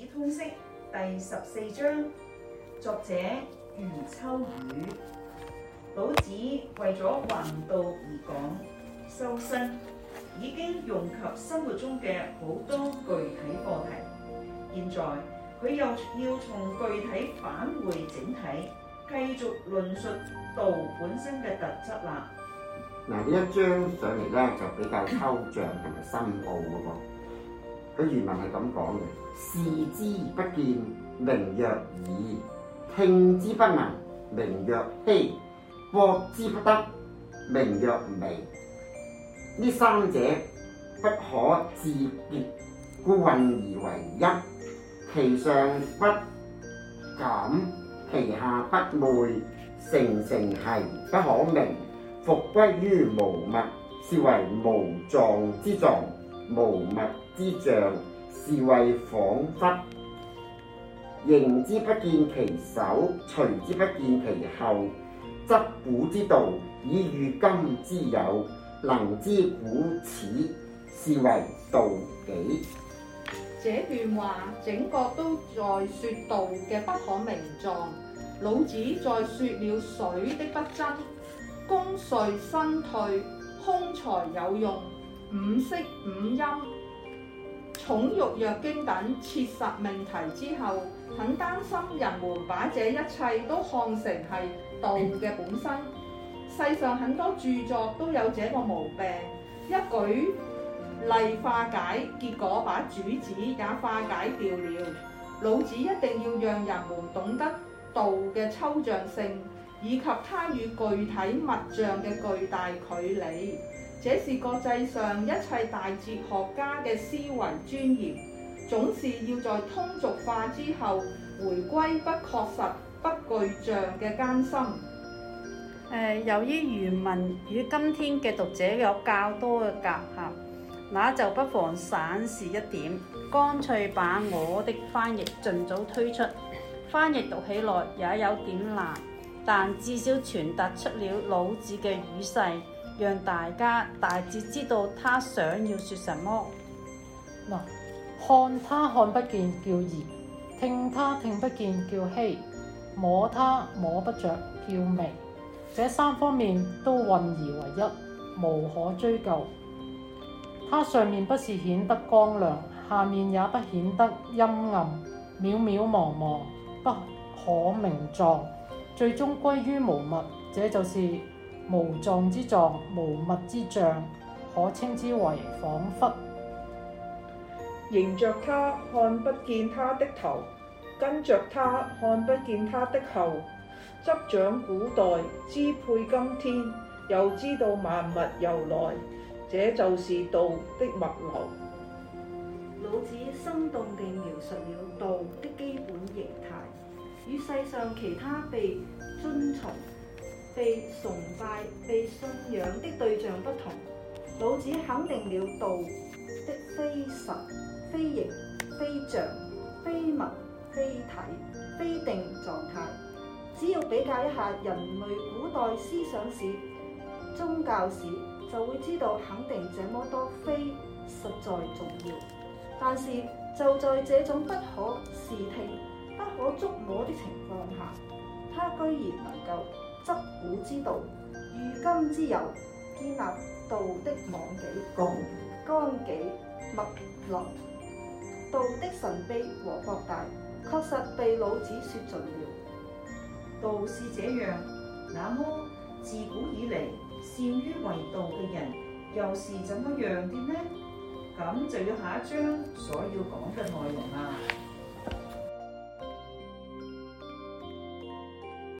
《以通釋》第十四章，作者余秋雨。老子為咗還道而講修身，已經融及生活中嘅好多具體課題。現在佢又要從具體返回整體，繼續論述道本身嘅特質啦。嗱，呢一章上嚟咧就比較抽象同埋深奧嘅喎。啲原文係咁講嘅：視之不見，名曰夷；聽之不聞，名曰希；搏之不得，名曰微。呢三者不可致詰，故混而為一。其上不感，其下不昧，繩繩兮不可名，復歸於無物，是為無狀之狀，無物。之象是為恍惚，形之不見其首，隨之不見其後，則古之道以御今之有，能知古始，是為道紀。這段話整個都在說道嘅不可名狀。老子在說了水的不爭，功遂身退，空才有用，五色五音。《孔玉若經》等切實命題之後，很擔心人們把這一切都看成係道嘅本身。世上很多著作都有這個毛病，一舉例化解，結果把主旨也化解掉了。老子一定要讓人們懂得道嘅抽象性，以及它與具體物象嘅巨大距離。這是國際上一切大哲學家嘅思維專業，總是要在通俗化之後，回歸不確實、不具象嘅艱辛。呃，由於原文與今天嘅讀者有較多嘅隔閡，那就不妨省事一點，乾脆把我的翻譯儘早推出。翻譯讀起來也有點難，但至少傳達出了老子嘅語勢。讓大家大致知道他想要說什麼。嗱，看他看不見叫夷，聽他聽不見叫希，摸他摸不着叫微。這三方面都混而為一，無可追究。它上面不是顯得光亮，下面也不顯得陰暗，渺渺茫茫，不可名狀，最終歸於無物。這就是。無狀之狀，無物之象，可稱之為恍惚。迎着他，看不見他的頭；跟著他，看不見他的後。執掌古代，支配今天，又知道萬物由來，這就是道的脈流。老子生動地描述了道的基本形態，與世上其他被遵從、被崇拜、被信仰的對象不同，老子肯定了道的非神、非形、非象、非物、非體、非定狀態。只要比較一下人類古代思想史、宗教史，就會知道肯定這麼多非實在重要。但是就在這種不可視聽、不可觸摸的情況下，他居然能夠。執古之道，如今之有，建立道的網紀綱紀脈絡，道的神秘和博大，確實被老子説盡了。道是這樣，那麼自古以嚟，善於為道嘅人又是怎麼樣的呢？咁就要下一章所要講嘅內容啦、啊。